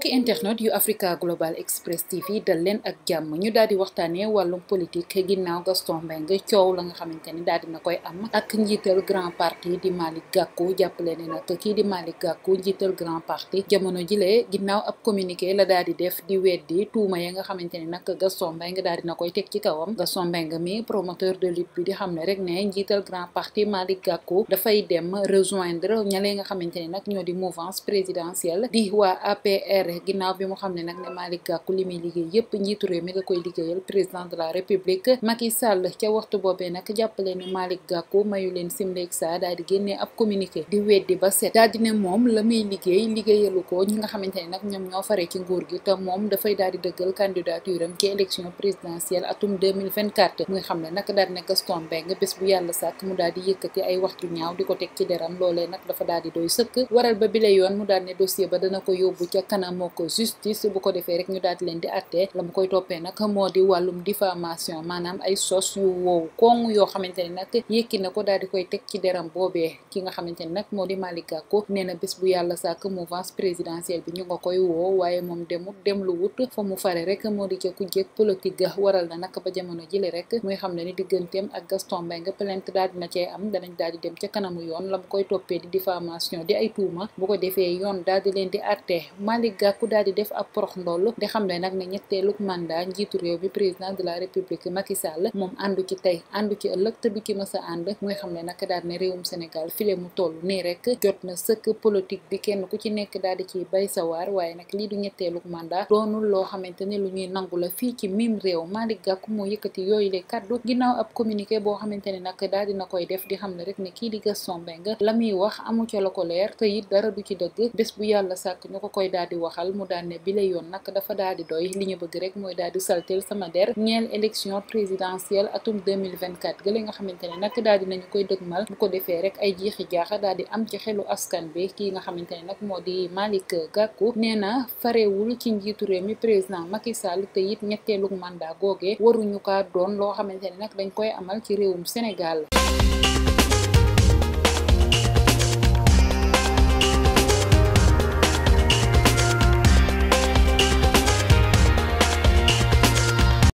mbokki internet yu Africa Global Express TV dal leen ak jàmm ñu daal di waxtaanee wàllum politique ginnaaw Gaston Mbengue coow la nga xamante ni daal dina koy am ak njiital grand parti di Malick Gakou jàppale di Malick Gakou njiital grand parti jamono jilee ginnaaw ab communiqué la daal di def di weddi tuuma ya nga xamante ni nag Gaston Mbengue daal dina koy teg ci kawam Gaston Mbengue mi promoteur de lutte bi di xam ne rek ne njiital grand parti Malick Gakou dafay dem rejoindre ña lee nga xamante ni nag ñoo di mouvance présidentielle après ginnaaw bi mu xam ne nag ne Malick Gakou li muy liggéey yëpp njiitu mi la koy liggéeyal président de la république Macky Sall ca waxtu boobee nag jàppale ne mayu leen simleeg saa daal di génnee ab communiqué di weddi ba set daal di ne moom la muy liggéey liggéeyalu ko ñi nga xamante nag ñoom ñoo faree ci nguur gi te moom dafay daal di dëggal candidature ci élection présidentielle atum 2024 mu nga xam ne nag daal ne Gaston Mbengue moo ko justice bu ko defee rek ñu daal di leen di àttee la mu koy toppee nag moo di wàllum diffamation maanaam ay sos yu woowu kong yoo xamante ne nag yëkki na ko daal di koy teg ci deram boobee ki nga xamante ne nag moo di Malick Gakou nee na bés bu yàlla sàkk mouvance présidentielle bi ñu nga koy woo waaye moom demut dem lu wut fa mu fare rek moo di ca ku jéeg politique ga waral na nag ba jamono jile rek muy xam ne ni digganteem ak Gaston Mbengue plainte daal dina cee am danañ daal di dem ca kanamu yoon la ko defee Gakou daal di def ab porox ndollu di xamle nag ne ñetteelug mandat njiitu réew bi président de la république Macky Sall moom àndu ci tey àndu ci ëllëg te du ci mës a ànd xam xamle nag daal ne réewum Sénégal filé mu toll nii rek jot na sëkk politique bi kenn ku ci nekk daal di ci bay sa sawar waaye nag lii du ñetteelug mandat doonul loo xamante ne lu ñuy nangu la fii ci mim réew Malick Gakou moo yëkkati yooyu le kaddu ginnaaw ab communiqué boo xamante ne nag daal dina koy def di xam ne rek ne kii di Gaston Mbengue la muy wax amu ca la ko leer te it dara du ci dëgg bés bu yàlla sàkk ñu ko koy daal di wax waxal mu daan ne bile yoon nag dafa daal di doy li ñu bëgg rek mooy daal di saltel sama der ñeel élection présidentielle atum 2024 gële nga xamante ne nag daal di nañu koy dëgmal bu ko defee rek ay jiixi jaaxa daal di am ci xelu askan bi kii nga xamante ne nag moo di Malick Gakou nee na farewul ci njiitu réew mi président Macky Sall te it ñetteelu mandat googee waruñu kaa doon loo xamante ne nag dañ koy amal ci réewum Sénégal